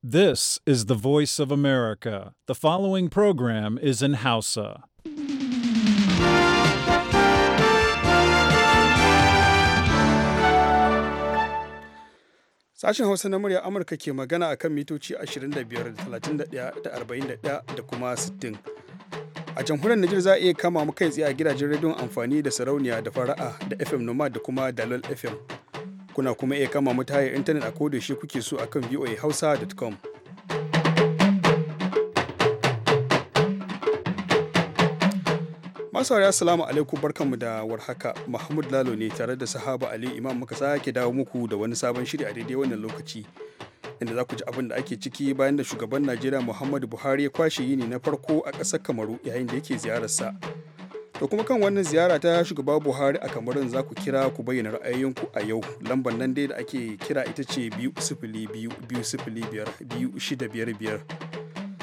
This is the voice of America. The following program is in Hausa. Sashen Hausa na murya Amurka ke magana a kan mitoci 25 da 31 da da kuma 60. A jamhuriyar Nijar za a iya kama mu kai tsaye a gidajen rediyon amfani da sarauniya da fara'a da FM Noma da kuma Dalol FM. kuna kuma iya kama mu ta intanet a koda shi kuke so akan voahausa.com masu saurari assalamu alaikum barkanmu da warhaka mahmud lalo ne tare da sahaba ali imam muka sake dawo muku da wani sabon shiri a daidai wannan lokaci inda za ku ji abin da ake ciki bayan da shugaban najeriya muhammadu buhari ya kwashe yini na farko a ƙasar kamaru yayin da yake ziyararsa To kuma kan wannan ziyara ta shugaba Buhari a Kamarun za ku kira ku bayyana ra'ayoyinku a yau. Lambar nan dai da ake kira ita ce biyu sifili biyu biyu sifili biyar biyu shida biyar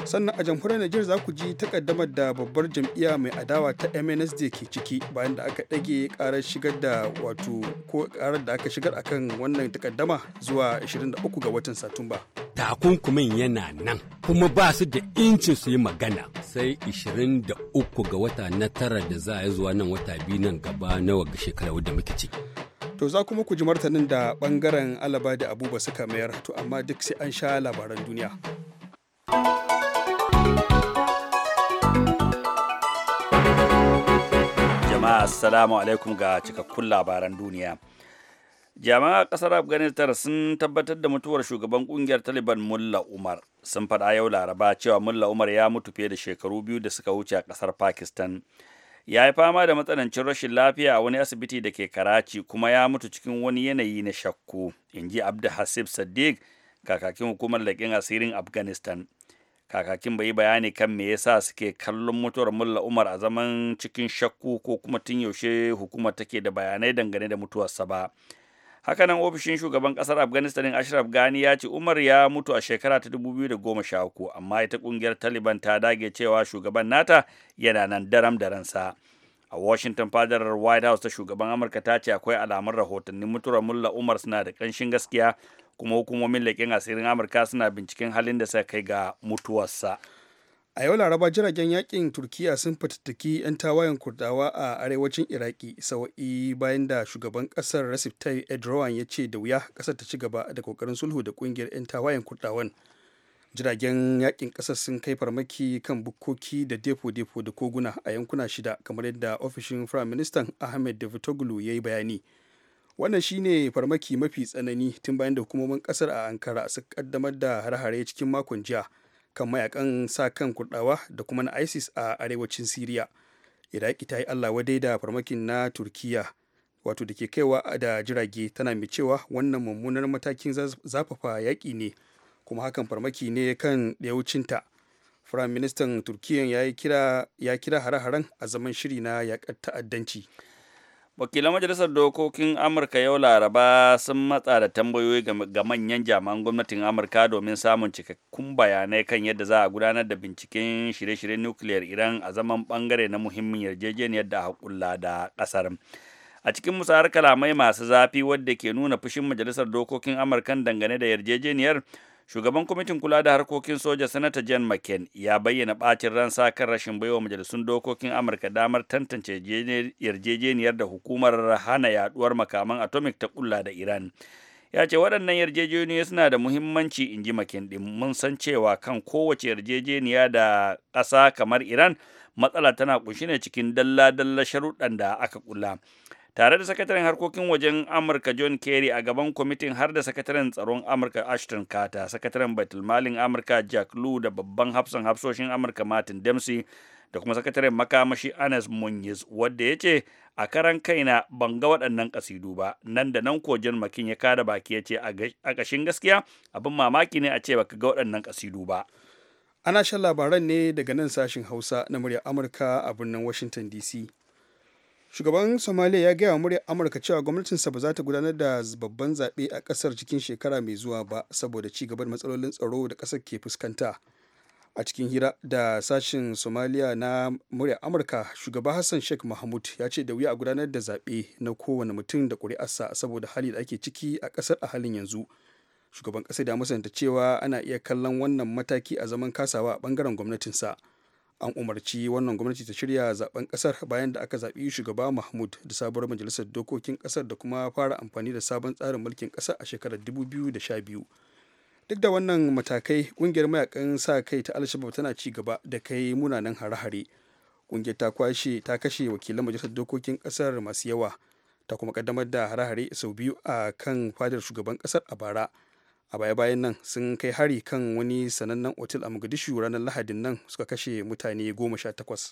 Sannan a jamhuriyar Nijar za ku ji takaddamar da babbar jam'iyya mai adawa ta MNSD ke ciki bayan da aka ɗage karar shigar da wato ko karar da aka shigar akan wannan takaddama zuwa 23 ga watan Satumba. takunkumin yana nan kuma ba su da incin su yi magana sai 23 ga wata na tara da za a zuwa nan wata biyu nan gaba nawa ga shekaru da muke ciki to za kuma ku ji martanin da bangaren alaba da abuba suka mayar to amma duk sai an sha labaran duniya jama'a assalamu alaikum ga cikakkun labaran duniya jama'a kasar afghanistan sun tabbatar da mutuwar shugaban kungiyar taliban mulla umar sun faɗa yau laraba cewa mulla umar ya mutu fiye da shekaru biyu da suka wuce a kasar pakistan ya yi fama da matsanancin rashin lafiya a wani asibiti da ke karachi kuma ya mutu cikin wani yanayi na shakku in ji abdulhasib sadiq kakakin hukumar laƙin asirin afghanistan kakakin bai yi bayani kan me yasa suke kallon mutuwar mulla umar a zaman cikin shakku ko kuma tun yaushe hukumar take da bayanai dangane da mutuwarsa ba hakanan ofishin shugaban kasar afghanistan ashraf gani ya ce umar ya mutu a shekara ta 2013 amma ita kungiyar taliban ta dage cewa shugaban nata yana nan daram da ransa a washington fadarar white house ta shugaban amurka ta ce akwai alamun rahotannin mutuwar mulla umar suna da kanshin gaskiya kuma hukumomin leƙen asirin amurka suna binciken halin da suka kai ga mutuwarsa a yau laraba jiragen yakin turkiya sun fatattaki 'yan tawayen kurdawa a arewacin iraki sawa'i bayan da shugaban kasar recep tayyip erdogan ya ce da wuya kasar ta ci gaba da kokarin sulhu da kungiyar 'yan tawayen kurdawan jiragen yakin kasar sun kai farmaki kan bukkoki da depo-depo da koguna a yankuna shida kamar yadda ofishin prime minister ahmed davutoglu ya yi bayani wannan shine farmaki mafi tsanani tun bayan da hukumomin kasar a ankara su kaddamar da hare-hare cikin makon jiya kan mayakan sa kan kurdawa da kuma na isis a arewacin siriya iraki ta yi allah wadai da farmakin na turkiya wato da ke kaiwa da jirage tana mai cewa wannan mummunar matakin zafafa yaƙi ne kuma hakan farmaki ne kan ɗayaucinta firayim ministan turkiyya ya kira hare-haren a zaman shiri na yaƙar ta'addanci wakilan majalisar dokokin amurka yau laraba sun matsa da tambayoyi ga manyan jami'an gwamnatin amurka domin samun cikakkun bayanai kan yadda za a gudanar da binciken shirye-shiryen nukiliyar iran a zaman bangare na muhimmin yarjejeniyar da hakulla da kasar a cikin musayar kalamai masu zafi wadda ke nuna fushin majalisar dokokin amurkan dangane da yarjejeniyar shugaban kwamitin kula da harkokin soja sanata john mccain ya bayyana ɓacin ransa kan rashin baiwa majalisun dokokin amurka damar tantance yarjejeniyar da hukumar hana yaduwar makaman atomic ta kulla da iran ya ce waɗannan yarjejeniyoyi suna da muhimmanci in ji mccain din mun san cewa kan kowace yarjejeniya da ƙasa kamar iran matsala tana ƙunshi ne cikin dalla-dalla sharuɗan da aka kula tare da sakataren harkokin wajen amurka john kerry a gaban kwamitin har da sakataren tsaron amurka ashton carter sakataren malin amurka jack lu da babban hafsan hafsoshin amurka martin dempsey da kuma sakataren makamashi anas munyiz wadda ya ce a karan kaina ban ga waɗannan kasidu ba nan da nan ko john makin ya kada baki ya ce a ƙashin gaskiya abin mamaki ne a ce baka ga waɗannan kasidu ba ana shan labaran ne daga nan sashin hausa na murya amurka a birnin washington dc shugaban somalia ya gaya wa murya amurka cewa gwamnatinsa ba za ta gudanar da babban zaɓe a ƙasar cikin shekara mai zuwa ba saboda ci gaban matsalolin tsaro da ƙasar ke fuskanta a cikin hira da sashen somalia na murya amurka shugaba hassan sheikh mahmud ya ce da wuya a gudanar da zaɓe na kowane mutum da ƙuri'arsa saboda hali da ake ciki a ƙasar a halin yanzu shugaban ƙasar da musanta cewa ana iya kallon wannan mataki a zaman kasawa a ɓangaren gwamnatinsa. sa an umarci wannan gwamnati ta shirya zaben kasar bayan da aka zaɓi shugaba mahmud da sabuwar majalisar dokokin kasar da kuma fara amfani da sabon tsarin mulkin kasa a shekarar 2012 duk da wannan matakai kungiyar mayakan sa kai ta alshabab tana ci gaba da kai munanan hare-hare kungiyar ta kwashe ta kashe wakilan majalisar dokokin kasar masu yawa ta kuma kaddamar da hare-hare sau biyu a kan fadar shugaban kasar a bara a baya-bayan nan sun kai hari kan wani sanannen otel a mogadishu ranar lahadin nan suka kashe mutane goma sha takwas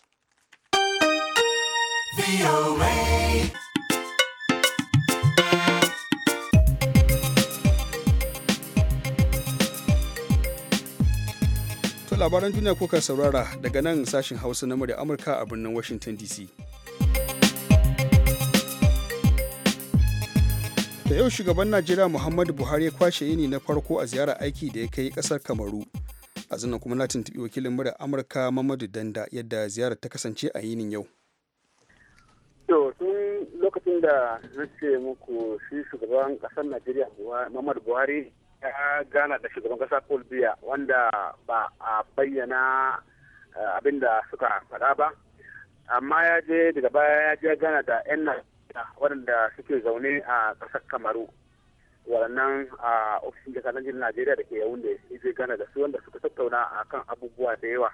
labaran duniya kuka saurara daga nan sashen hausa na murya amurka a birnin washington dc da yau shugaban najeriya muhammadu buhari ya kwashe yini na farko a ziyarar aiki da ya kai kasar kamaru a zanen kuma na tuntuɓi wakilin murar amurka mamadu danda yadda ziyarar ta kasance a yinin yau to tun lokacin da na ce muku shi shugaban kasar najeriya muhammadu buhari ya gana da shugaban kasa paul biya wanda ba a bayyana eh, abin suka faɗa ba amma ya je daga baya ya je gana da 'yan Najeriya waɗanda suke zaune a ƙasar Kamaru waɗannan a ofishin jakadancin Najeriya da ke Yaounde zai gana da su wanda suka tattauna a kan abubuwa da yawa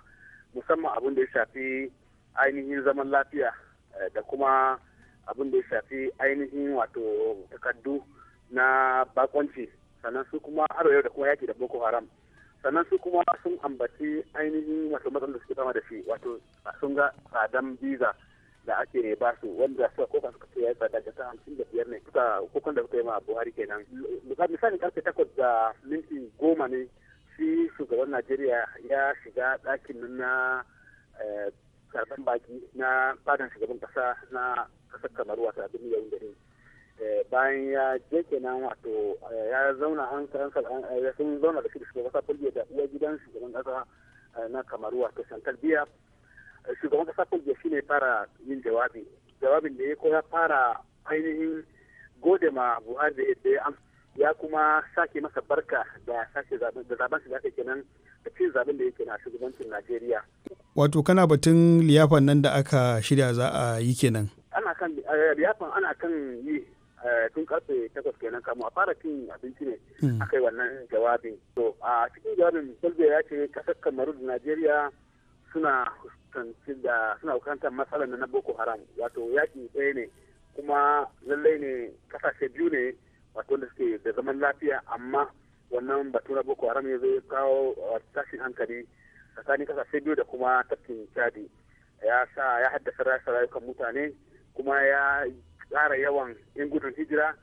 musamman abin da ya shafi ainihin zaman lafiya eh, da kuma abin da ya shafi ainihin wato takardu na bakonci sannan su kuma aro yau da kuma yaki da Boko Haram sannan su kuma sun ambaci ainihin wato matsalar da suke fama da shi wato sun ga tsadan biza da ake ba su wanda suka kofa suka ce ya tsada da ta hamsin da biyar ne suka kokan da suka yi ma buhari kenan misali karfe takwas da minti goma ne shi shugaban najeriya ya shiga ɗakin na eh, karɓar baki na fadan shugaban ƙasa na ƙasar kamaru wata abin yau da ne eh, bayan ya je kenan wato eh, ya zauna an sun zauna da shi da shugaban ƙasa da uwa gidan shugaban ƙasa na kamaru wato shantar biya shugaban kasa ko shi ne fara yin jawabi jawabin da ya ko ya fara ainihin gode ma buhari da ya ya kuma sake masa barka da sake zaben da zaben shi zaɓe kenan da cin zaben da yake na shugabancin Najeriya wato kana batun liyafan nan da aka shirya za a yi kenan ana kan eh, liyafan ana kan yi eh, tun karfe takwas kenan kamun a fara cin abinci ne hmm. aka yi wannan jawabin to a cikin jawabin Bolbe ya ce kasar Kamaru da Najeriya suna kan da suna bukantar matsalar na boko haram wato yaƙi ɗaya ne kuma lallai ne kasashe biyu ne wato da suke da zaman lafiya amma wannan batu na boko haram ya zai kawo uh, tashin hankali tsakanin kasashe biyu da kuma tafkin chadi ya sa ya haddasa rasa rayukan mutane kuma ya ƙara yawan yan gudun hijira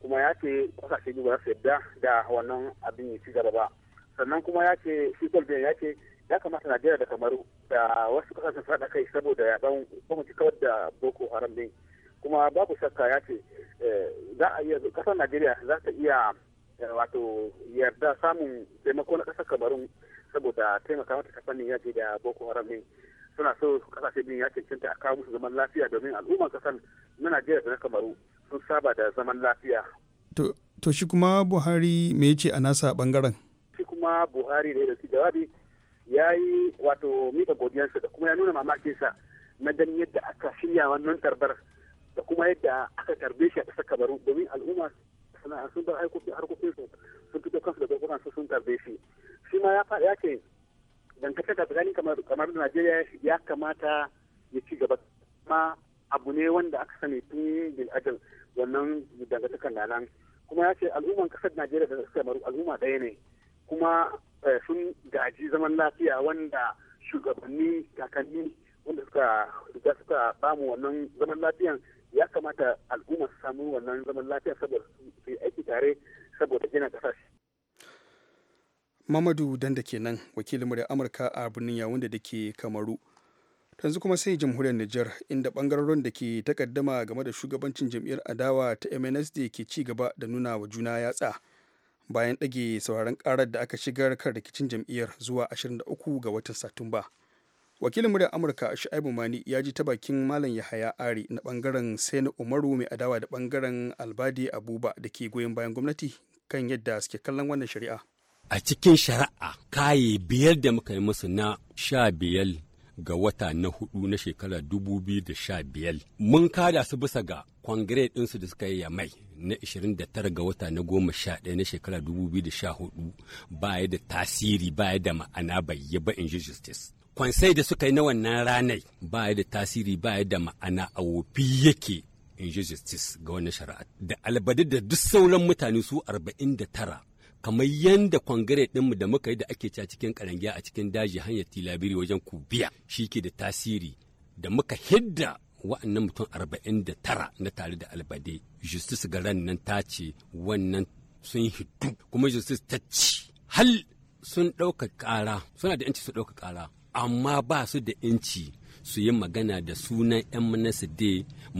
kuma ya ce kasashe biyu ba su yadda da wannan abin ya ci gaba ba sannan kuma ya ce shi ya ce ya kamata najeriya da kamaru da wasu kasashen sada kai saboda ya ban gwamnati da boko haram ne kuma babu shakka ya ce eh, za a iya kasar najeriya za ta iya eh, wato yarda samun taimako na kasar kamarun saboda taimaka mata ta ya ce da boko haram ɗin suna so kasashe biyun ya cancanta a kawo musu zaman lafiya domin al'umman kasar na najeriya da na kamaru sun saba da zaman lafiya to shi kuma buhari me ya ce a nasa bangaren shi kuma buhari da ya jawabi ya yi wato mika godiyarsa da kuma ya nuna mamakinsa na ganin yadda aka shirya wannan tarbar da kuma yadda aka tarbe shi a ƙasar kabaru domin al'umma sana'a sun bar harkokin harkokin su sun fito kansu da gwagwaran su sun tarbe shi shi ma ya faɗi ya ce dangantaka tsakanin kamar kamar najeriya ya kamata ya ci gaba ma abu ne wanda aka sani tun bil ajal wannan dangantakan na nan kuma ya ce al'umman ƙasar najeriya da suka kamaru al'umma ɗaya ne kuma eh, sun gaji zaman lafiya wanda shugabanni kakanni wanda suka suka bamu wannan zaman lafiyan ya kamata al'umma su samu wannan zaman lafiya saboda su yi aiki tare saboda gina kasashe. Mamadu Danda kenan wakilin murya Amurka a birnin yawon da ke Kamaru. yanzu kuma sai jamhuriyar Nijar inda bangarorin da ke takaddama game da shugabancin jam'iyyar adawa ta MNSD ke ci gaba da nuna wa juna yatsa. bayan ɗage sauraron ƙarar da aka shigar kan rikicin jam'iyyar zuwa 23 ga watan satumba wakilin muryar amurka shu'aibu mani ya ji ta bakin malam yahaya ari na bangaren sani umaru mai adawa da bangaren albadi abuba da ke goyon bayan gwamnati kan yadda suke kallon wannan shari'a a cikin shari'a kaye biyar da muka yi musu na sha biyar ga wata na hudu na shekarar dubu da sha mun kada su bisa ga din su da suka yi ya mai na 29 ga wata na goma sha ɗaya na shekara 2014 ba ya da tasiri ba ya da ma'ana bai yi ba in justice kwansai da suka yi na wannan ranai ba ya da tasiri ba ya da ma'ana a wofi yake in justice ga wannan shari'a da albadi da duk sauran mutane su 49 kamar yadda kwangare ɗinmu da muka yi da ake cewa cikin karangiya a cikin daji hanyar tilabiri wajen kubiya shi ke da tasiri da muka hidda wa'annan mutum arba'in da tara na tare da albade justice garan nan ta ce wannan sun hiddu kuma justice ta ci hal sun ɗauka ƙara suna da yanci su ɗauka ƙara amma ba su da yanci su yi magana da sunan MNSD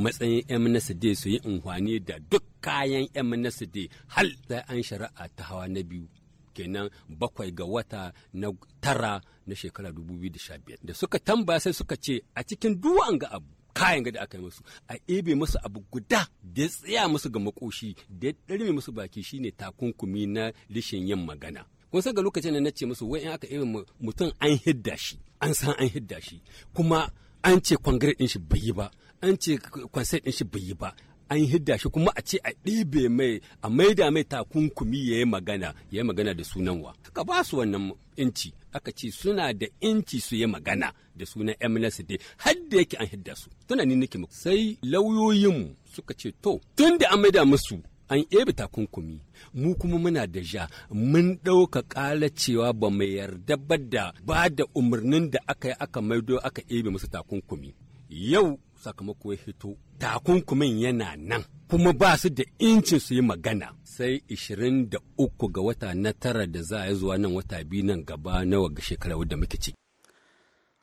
matsayin MNSD su yi amfani da duk kayan MNSD hal sai an shari'a ta hawa na biyu kenan bakwai ga wata na tara na shekara 2015 da suka tambaya sai suka ce a cikin duwan ga abu kayan gadi aka yi musu a ebe musu abu guda da ya tsaya musu ga makoshi da ya ɗarme musu baki shine takunkumi na rishin yin magana kun san ga lokacin da na ce musu wai in aka ebe mutum an hidda shi an san an hidda shi kuma an ce kwangare ɗin shi bai yi ba an ce kwansai ɗin shi bai yi ba an hidda shi kuma a ce a ɗibe mai a maida mai takunkumi ya yi magana ya yi magana da sunan wa ka ba su wannan inci aka ce suna da inci su yi magana da sunan MNSD har da yake an hidda su tuna ni nake muku sai lauyoyinmu suka ce to tun da an maida musu an ebe takunkumi mu kuma muna da ja mun ɗauka ƙala cewa ba mai yarda ba da ba da umarnin da aka yi aka maido aka ebe musu takunkumi yau sakamako ya hito takunkumin yana nan kuma ba su da incin su yi magana sai 23 ga wata na tara da za a yi zuwa nan wata biyu nan gaba nawa ga shekara wadda muke ci.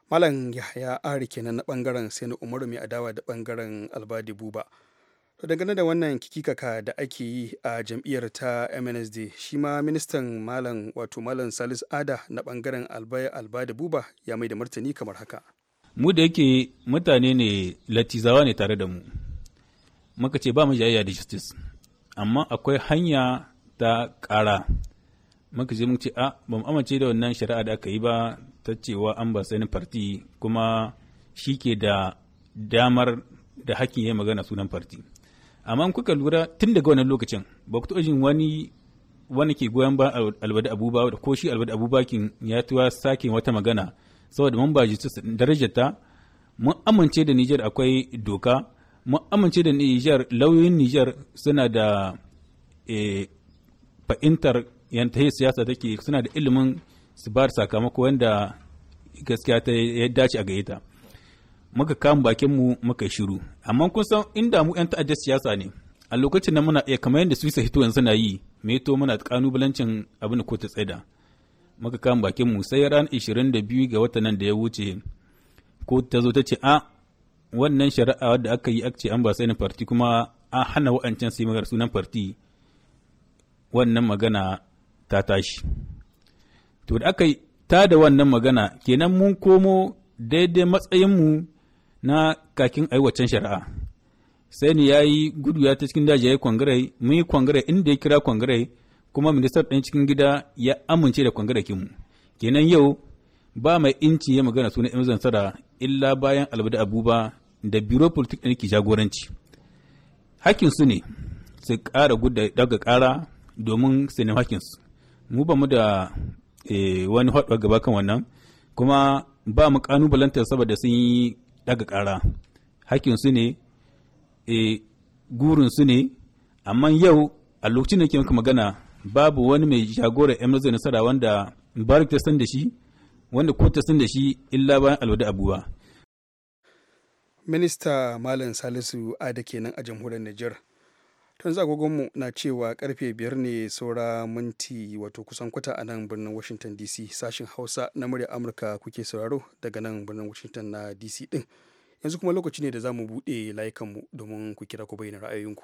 malam yahaya ari kenan na bangaren sai na umaru mai adawa da bangaren albadi buba to dangane da wannan kikikaka da ake yi a jam'iyyar ta mnsd shi ma ministan malam wato malam salis ada na bangaren albaya albadi buba ya mai da martani kamar haka mu da yake mutane ne latizawa ne tare da mu muka ce ba mu jayayya da justice amma akwai hanya ta ƙara muka ce ce ah, a ba mu amince da wannan shari'a da aka yi ba ta cewa an ba sani farti kuma shi ke da damar da hakkin ya magana sunan farti amma kuka lura tun daga wannan lokacin ba ku jin wani wani ke goyon ba albada ko shi albada abubakin ya tuwa sake wata magana saboda mun ba justice ta mun amince da Niger akwai doka mun amince da Niger lauyoyin Niger suna da eh, fahimtar yi siyasa take suna da ilimin su ba sakamako wanda gaskiya ta ya dace a gayyata muka kama bakin mu muka shiru amma kun san inda mu yan ta'addar siyasa ne a lokacin da muna iya kamar yadda su hito yanzu na yi me to muna kanubalancin abin da ko ta tsaida muka kama bakin mu sai ran 22 ga watan nan da ya wuce ko ta zo ta ce a wannan shari'a wadda aka yi aka ce an ba sai na farti kuma a hana wa'ancan sai magar sunan farti wannan magana ta tashi to da aka yi ta da wannan magana kenan mun komo daidai matsayinmu na kakin aiwacin shari'a sai ni ya yi gudu ya ta cikin daji ya yi kwangirai mun yi kwangirai inda ya kira kwangirai kuma ministan ɗin cikin gida ya amince da kwangar mu kenan yau ba mai inci ya magana sunan yan zansara illa bayan albada abuba da biro politik ɗan ke jagoranci hakkin su ne su ƙara gudda daga ƙara domin sinin su mu ba mu da eh, wani haɗuwa gaba kan wannan kuma ba mu ƙanubalantar saboda sun yi daga ƙara hakkin su ne eh, gurin su ne amma yau a lokacin da ke magana babu wani mai jagorar emirzo nasara wanda barik ta san da shi wanda ko ta san da shi illa bayan alwada abuwa minista malam salisu ada kenan a jamhuriyar niger tun zagogonmu na cewa karfe biyar ne saura minti wato kusan kwata a nan birnin washington dc sashin hausa na murya amurka kuke sauraro daga nan birnin washington na dc din yanzu kuma lokaci ne da za mu buɗe layukanmu domin ku kira ku bayyana ra'ayoyinku.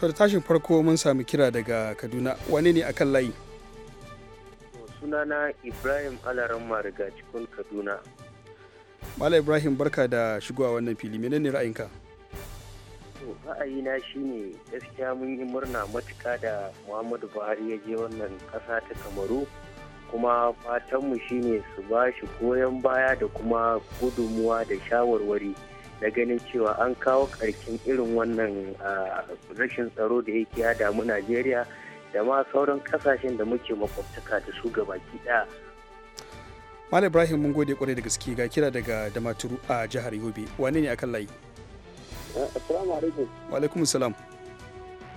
to da tashin farko mun sami kira daga kaduna wane ne akan layi sunana ibrahim alaran mariga cikin kaduna mala ibrahim barka da shigowa wannan fili menene ra'ayinka ra'ayina shine gaskiya mun yi murna matuka da muhammadu buhari ya je wannan ƙasa ta kamaru kuma fatanmu shine su ba shi goyon baya da kuma gudunmuwa da shawarwari na ganin cewa an kawo karkin irin wannan rashin tsaro da yake ya damu najeriya da ma sauran kasashen da muke makwabtaka da su baki ɗaya Malam Ibrahim mun gode kwarai da gaske ga kira daga Damaturu a jihar Yobe. Wane ne akan layi? Eh, assalamu alaikum. Wa alaikum salam.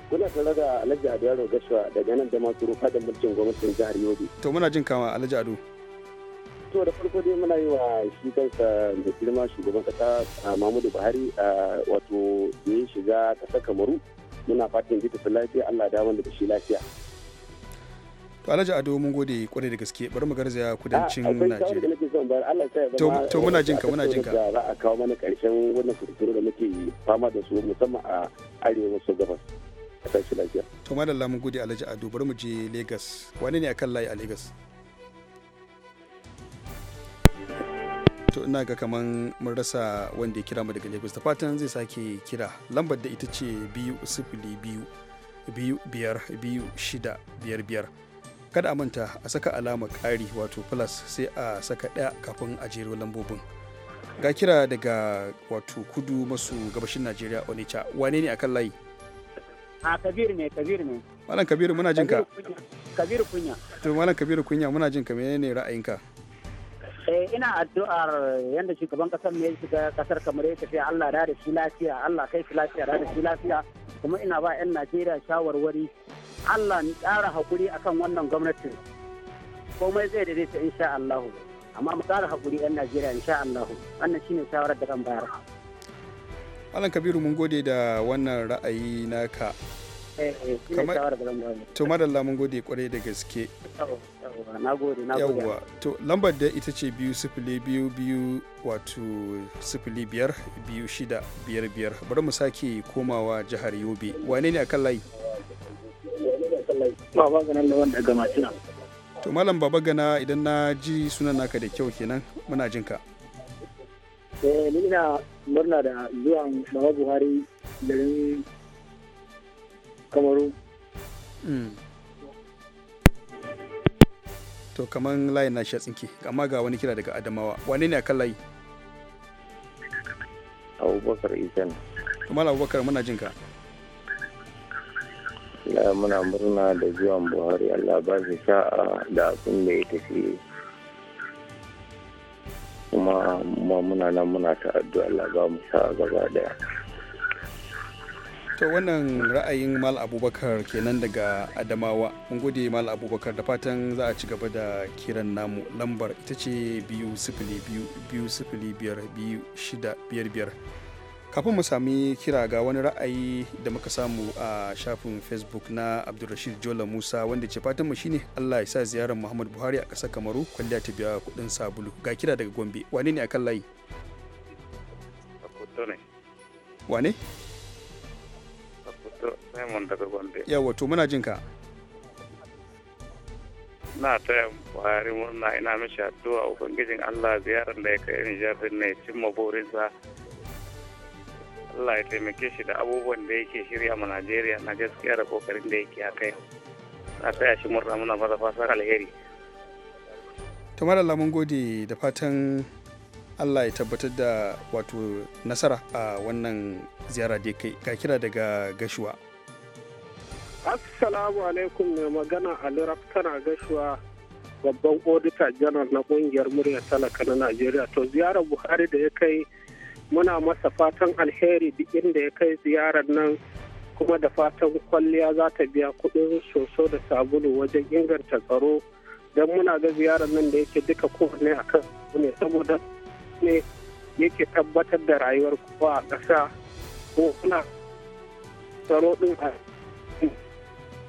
Kuna tare da Alhaji Ado Yaro daga nan Damaturu fadin mulkin gwamnatin jihar Yobe. To muna jin kama Alhaji Ado. to da farko dai muna yi wa shi kansa da girma shugaban kasa mahmudu Buhari wato ne shiga kasa Kamaru muna fatan ji tafi lafiya Allah da wanda da shi lafiya to Alhaji Ado mun gode kwarai da gaske bari mu garzaya kudancin Najeriya to muna jin ka muna jin ka za a kawo mana karshen wannan fitintunu da muke fama da su musamman a arewa maso gabas a tashi lafiya to madalla mun gode Alhaji Ado bari mu je Lagos wani ne a kan layi a Lagos to ina ga kaman mun rasa wanda ya kira mu daga lagos da fatan zai sake kira lambar da ita ce biyu sifili biyu biyu biyar biyu shida biyar biyar kada a manta a saka alama kari wato plus sai a saka ɗaya kafin a jero lambobin ga kira daga wato kudu masu gabashin najeriya onitsha wane ne akan layi a kabir ne kabir ne malam kabiru muna jinka kabiru kunya to malam kabiru kunya muna jinka menene ra'ayinka eh ina addu'ar yadda shugaban kasar ne shiga kasar kamar ya tafiya Allah da da shi lafiya Allah kai shi lafiya da da shi lafiya kuma ina ba 'yan Najeriya shawarwari Allah ni ƙara hakuri akan wannan gwamnati komai zai daidaita insha Allah amma mu ƙara hakuri 'yan Najeriya insha Allah wannan shine shawarar da kan bayar Alan Kabiru mun gode da wannan ra'ayi naka. Eh, eh, kamar to madalla mun gode kwarai da gaske yawwa to lambar da ita ce biyu sifili biyu biyu wato sifili biyar biyu shida biyar biyar bari mu sake komawa jihar yobe wane ne a kan layi to malam baba gana idan na ji sunan naka da kyau kenan muna jinka ka. Eh, ni murna da zuwan baba buhari garin kamaru hmm. to kamar layin na sha tsinke amma ga wani kira daga adamawa wane ne akan layi abubakar isan kamar abubakar muna jinka la muna murna da zuwan buhari allah ba shi sha'a da abin da ya tafi kuma muna nan muna ta addu'a allah ba mu sha'a gaba daya to wannan ra'ayin mal abubakar kenan daga adamawa mun gode mal abubakar da fatan za a ci gaba da kiran namu lambar ita ce biyu sifili biyu biyu sifili biyar biyu shida biyar biyar kafin mu sami kira ga wani ra'ayi da muka samu a shafin facebook na abdulrashid jola musa wanda ce fatan mu shine allah ya sa ziyarar muhammad buhari a ƙasar kamaru kwalliya ta biya kuɗin sabulu ga kira daga gombe wane ne a kan layi wane simon daga Gombe. Yawa to muna jinka. Na ta taya buhari murna ina mishi addu'a ubangijin allah ziyarar da ya kai nijar din ne cimma burinsa allah ya taimake shi da abubuwan da yake shirya ma najeriya na gaskiya da kokarin da yake a kai na taya shi murna muna fata fasar alheri Tumar Allah mun gode da fatan allah ya tabbatar da wato nasara a wannan ziyara da kai ga kira daga gashuwa assalamu alaikum mai magana ali tana gashuwa babban odita janar na kungiyar murya talaka na najeriya to ziyarar buhari da ya kai muna masa fatan alheri duk inda ya kai ziyarar nan kuma da fatan kwalliya za ta biya kuɗin soso da sabulu wajen inganta tsaro don muna ga ziyarar nan da yake duka kowane a kan ne saboda ne yake tabbatar da rayuwar kowa a ƙasa ko kuna tsaro ɗin a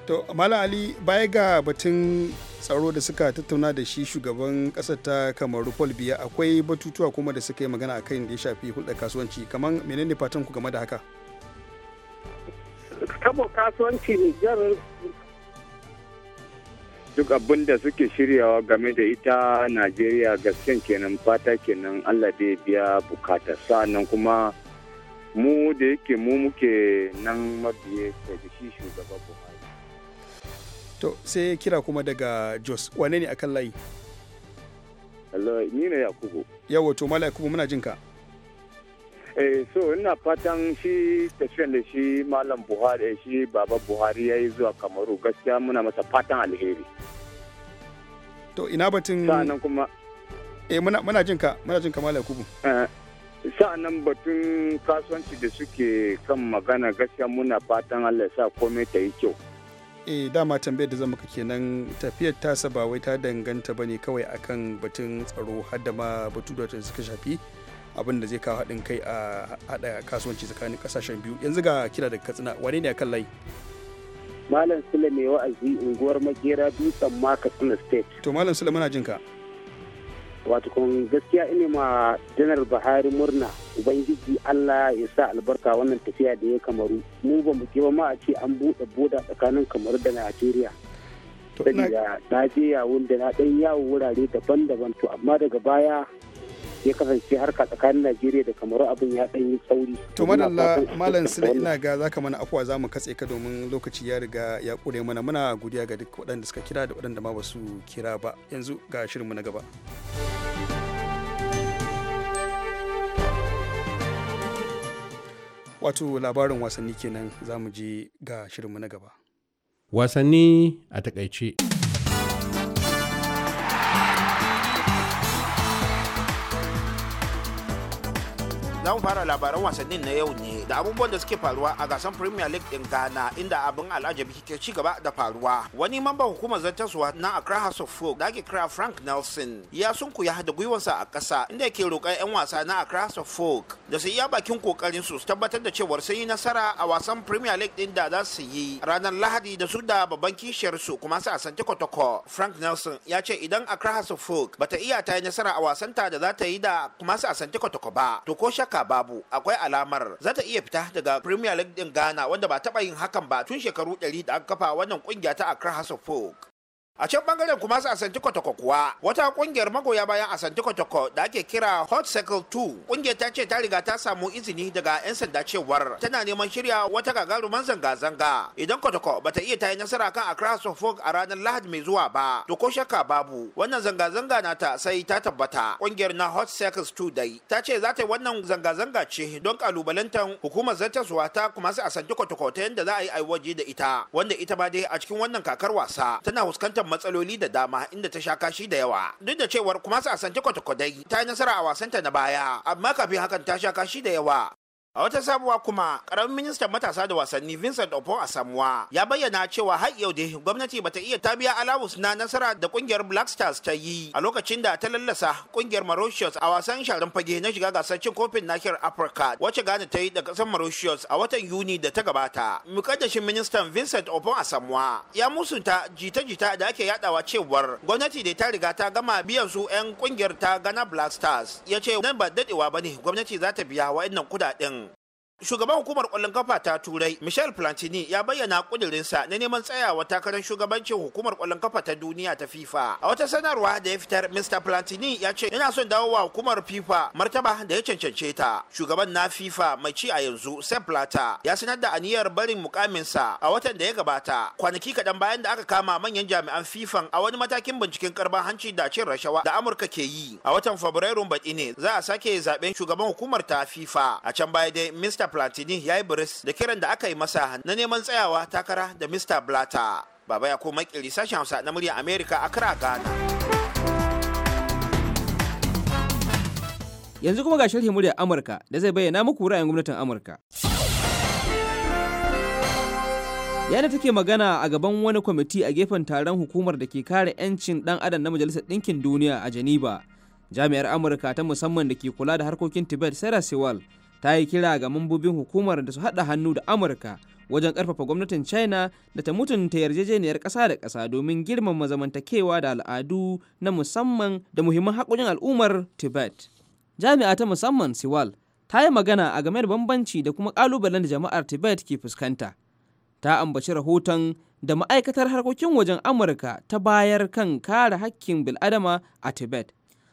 to malam ali baya ga batun tsaro da suka tattauna da shi shugaban ƙasar ta kamaru paul biya akwai batutuwa kuma da suka yi magana akan da ya shafi hulɗar kasuwanci kamar menene fatan ku game da haka kamar kasuwanci nijar duk abin da suke shiryawa game da ita najeriya gasken kenan fata kenan allah da ya biya bukata sa'annan kuma mu da yake mu muke nan mabiye da shi shugaba buhari to sai kira kuma daga jos wane ne akan layi ni ne yakubu yawo to mala yakubu muna jinka eh so ina fatan shi tafiyan da shi malam buhari eh, shi baba buhari ya yi zuwa kamaru gaskiya muna masa fatan alheri to ina batun sa'annan kuma eh muna muna jin ka muna jin ka malam kubu eh, sa'annan batun kasuwanci da suke kan magana gaskiya muna fatan Allah ya sa komai ta yi kyau eh dama tambayar da zama kenan tafiyar tasa ba wai ta danganta bane kawai akan batun tsaro har da ma batu da suka shafi abin da zai kawo haɗin kai a haɗa kasuwanci tsakanin ƙasashen biyu yanzu ga kira daga katsina wane ne a kan layi malam sule mai wa'azi unguwar makera dutsen ma katsina state to malam sule muna jinka wato kun gaskiya ina ma janar buhari murna ubangiji allah ya sa albarka wannan tafiya da ya kamaru mu ba mu ba ma a ce an buɗe boda tsakanin kamaru da najeriya saboda na je yawon da na ɗan yawo wurare daban-daban to amma daga baya ya kasance harka tsakanin najeriya da kamaru abin ya ɗan yi tsauri to madalla malam sila ina ga zaka mana afuwa za mu katse ka domin lokaci ya riga ya kure mana muna godiya ga duk waɗanda suka kira da waɗanda ma ba su kira ba yanzu ga shirinmu na gaba wato labarin wasanni kenan za mu je ga shirinmu na gaba wasanni a takaice zan fara labaran wasannin na yau ne da abubuwan da suke faruwa a gasar premier league din ghana inda abin al'ajabi ke ci gaba da faruwa wani mamban hukumar zartaswa na accra house of folk da ake kira frank nelson ya sunkuya da gwiwansa a kasa inda yake roƙar 'yan wasa na accra house of folk da su iya bakin kokarin su tabbatar da cewar sun yi nasara a wasan premier league din da za su yi ranar lahadi da su da babban kishiyar su kuma su a santi kotoko frank nelson ya ce idan accra house of folk bata iya ta yi nasara a wasanta da za ta yi da kuma su a santi kotoko ba to ko shaka babu akwai alamar za ta iya fita daga Premier League din Ghana wanda ba taɓa yin hakan ba tun shekaru 100 da aka kafa wannan kungiya ta Accra House A can bangaren kuma su Asanti Kotoko kuwa wata kungiyar magoya bayan Asanti Kotoko da ake kira Hot circle 2 kungiyar ta ce ta riga ta samu izini daga 'yan sanda cewar tana neman shirya wata gagaruman zanga-zanga idan Kotoko bata iya ta yi nasara kan Accra Suffolk a ranar Lahadi mai zuwa ba to ko shakka babu wannan zanga-zanga na ta sai ta tabbata kungiyar na Hot circles 2 dai ta ce za ta yi wannan zanga-zanga ce don kalubalantar hukumar zartaswa ta kuma su Asanti Kotoko ta yadda za a yi aiwaje da ita wanda ita ma dai a cikin wannan kakar wasa tana fuskantar fuskantar matsaloli da dama inda ta sha kashi da yawa duk da cewar kuma sasanci kwatakwadai ta yi nasara a wasanta na baya amma kafin hakan ta sha kashi da yawa A wata sabuwa kuma, ƙaramin ministan matasa da wasanni Vincent Opo Asamuwa ya bayyana cewa har yau dai gwamnati bata iya ta biya alawus na nasara da ƙungiyar Black Stars ta yi a lokacin da ta lallasa ƙungiyar Mauritius a wasan sharan fage na shiga gasar cin kofin nahiyar Afirka wacce Ghana ta yi da ƙasar Mauritius a watan Yuni da ta gabata. Mukaddashin ministan Vincent Opo Asamuwa ya musunta jita-jita da ake yadawa cewar gwamnati da ta riga ta gama biyan su 'yan ƙungiyar ta Ghana Black Stars ya ce nan ba dadewa ba ne gwamnati za ta biya wa'annan kudaden. Shugaban hukumar kwallon kafa ta Turai, Michel plantini ya bayyana kudirinsa na neman tsayawa takarar shugabancin hukumar kwallon kafa ta duniya ta FIFA. A wata sanarwa da ya fitar, Mr. plantini ya ce yana son dawo wa hukumar FIFA martaba da ya cancance ta. Shugaban na FIFA mai ci a yanzu, Sepp plata ya sanar da aniyar barin mukaminsa a watan da ya gabata. Kwanaki kaɗan bayan da aka kama manyan jami'an FIFA a wani matakin binciken karban hanci da cin rashawa da Amurka ke yi. A watan Fabrairun baɗi ne za a sake zaɓen shugaban hukumar ta FIFA. A can baya dai Mr. platini ya yi biris da kiran da aka yi masa na neman tsayawa takara da mr blata baba ya koma kiri sashen hausa na murya america a kira ghana yanzu kuma ga sharhi murya amurka da zai bayyana muku ra'ayin gwamnatin amurka yana take magana a gaban wani kwamiti a gefen taron hukumar da ke kare 'yancin dan adam na majalisar ɗinkin duniya a janiba jami'ar amurka ta musamman da ke kula da harkokin tibet sarah sewal ta yi kira ga mambobin hukumar da su haɗa hannu da amurka wajen ƙarfafa gwamnatin china da ta mutunta yarjejeniyar ƙasa da ƙasa domin girmama zamantakewa da al'adu na musamman da muhimman haƙoƙin al'ummar tibet jami'a ta musamman siwal ta yi magana a game da bambanci da kuma ƙalubalen da jama'ar tibet ke fuskanta ta ambaci rahoton da ma'aikatar harkokin wajen amurka ta bayar kan kare haƙƙin bil'adama a tibet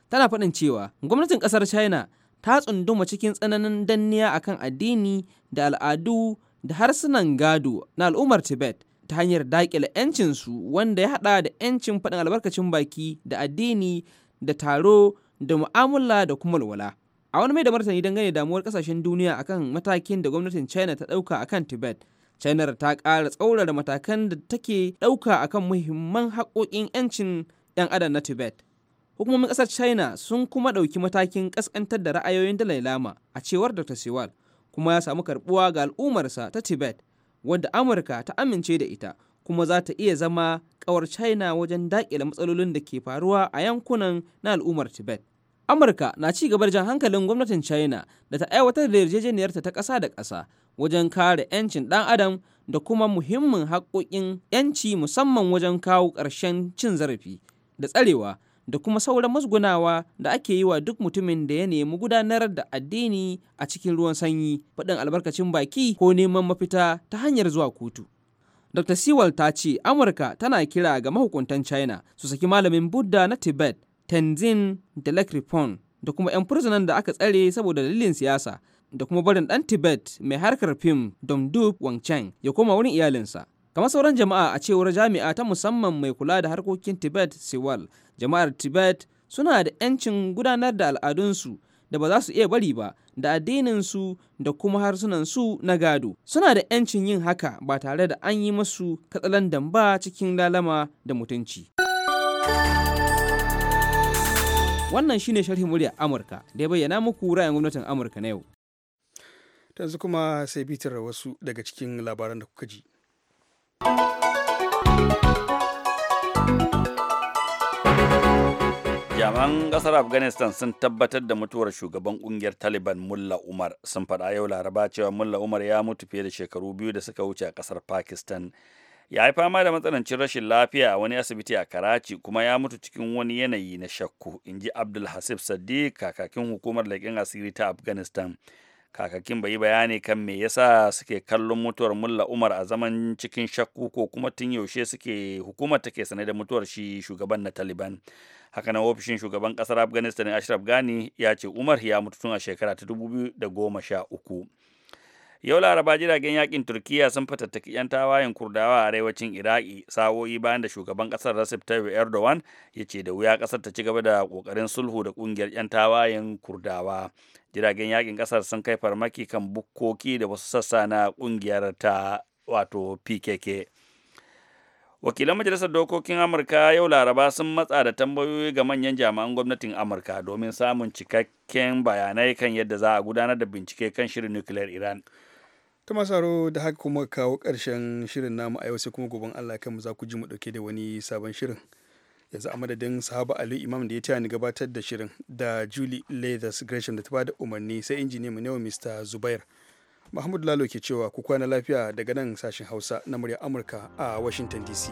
tana faɗin cewa gwamnatin ƙasar china ta tsunduma cikin tsananin danniya akan addini da al'adu da harsunan gado na al'ummar tibet ta hanyar daƙila 'yancinsu wanda ya haɗa da 'yancin faɗin albarkacin baki da addini da taro da mu'amala da kuma walwala a wani mai da martani dangane damuwar kasashen duniya akan matakin da gwamnatin china ta ɗauka akan tibet china ta ƙara tsaurara matakan da take ɗauka akan muhimman haƙoƙin 'yancin 'yan adam na tibet hukumomin kasar china sun kuma ɗauki matakin ƙasƙantar da ra'ayoyin dalai lama a cewar dr sewal kuma ya samu karbuwa ga al'ummarsa ta tibet wadda amurka ta amince da ita kuma za ta iya zama kawar china wajen daƙile matsalolin da ke faruwa a yankunan na al'ummar tibet amurka na ci gaba da jan hankalin gwamnatin china da ta aiwatar da yarjejeniyarta ta ƙasa da ƙasa wajen kare 'yancin ɗan adam da kuma muhimmin haƙoƙin 'yanci musamman wajen kawo ƙarshen cin zarafi da tsarewa da kuma sauran musgunawa da ake yi wa duk mutumin da ya nemi gudanar da addini a cikin ruwan sanyi faɗin albarkacin baki ko neman mafita ta hanyar zuwa kotu. Dr. siwal ta ce Amurka tana kira ga mahukuntan China su saki malamin Buddha na Tibet, Tenzin da Lekripon da kuma 'yan fursunan da aka tsare saboda dalilin siyasa da kuma barin ɗan Tibet mai harkar fim Domduk Wangchang ya koma wurin iyalinsa. Kamar sauran jama'a a cewar jami'a ta musamman mai kula da harkokin Tibet siwal jama'ar tibet suna da 'yancin gudanar da al'adunsu da ba za su iya bari ba da addininsu da kuma harsunansu na gado suna da 'yancin yin haka ba tare da an yi masu katsalandan ba cikin lalama da mutunci wannan shine sharhin muryar amurka da ya bayyana muku ra'yan gwamnatin amurka na yau yanzu kuma sai bitar wasu daga cikin labaran da kuka ji jami'an kasar afghanistan sun tabbatar da mutuwar shugaban kungiyar taliban mulla umar sun faɗa yau laraba cewa mulla umar ya mutu fiye da shekaru biyu da suka wuce a kasar pakistan ya yi fama da matsanancin rashin lafiya a wani asibiti a karachi kuma ya mutu cikin wani yanayi na shakku in ji abdul hasib sadiq kakakin hukumar leƙen asiri ta afghanistan kakakin bai yi bayani kan me yasa suke kallon mutuwar mulla umar a zaman cikin shakku ko kuma tun yaushe suke hukumar take sane da mutuwar shi shugaban na taliban haka nan ofishin shugaban kasar afghanistan ashraf gani ya ce umar ya mutu tun a shekara ta 2013 yau laraba jiragen yakin turkiya sun fatattaki 'yan tawayen kurdawa a arewacin iraki sa'o'i bayan da shugaban kasar recep tayyip erdogan ya ce da wuya kasar ta ci gaba da kokarin sulhu da kungiyar 'yan tawayen kurdawa jiragen yakin kasar sun kai farmaki kan bukkoki da wasu sassa na kungiyar ta wato pkk wakilan majalisar dokokin amurka yau laraba sun matsa da tambayoyi ga manyan jami'an gwamnatin amurka domin samun cikakken bayanai kan yadda za a gudanar da bincike kan shirin nukiliyar iran ta masaro da haka kuma kawo ƙarshen shirin namu a yau sai kuma goben allah kan za ku ji mu dauke da wani sabon shirin yanzu a madadin sahaba ali imam da ya taya ni gabatar da shirin da julie leathers gresham da ta bada umarni sai injiniya mu yau mr zubair mahmud lalo ke cewa ku kwana lafiya daga nan sashen hausa na murya amurka a washington dc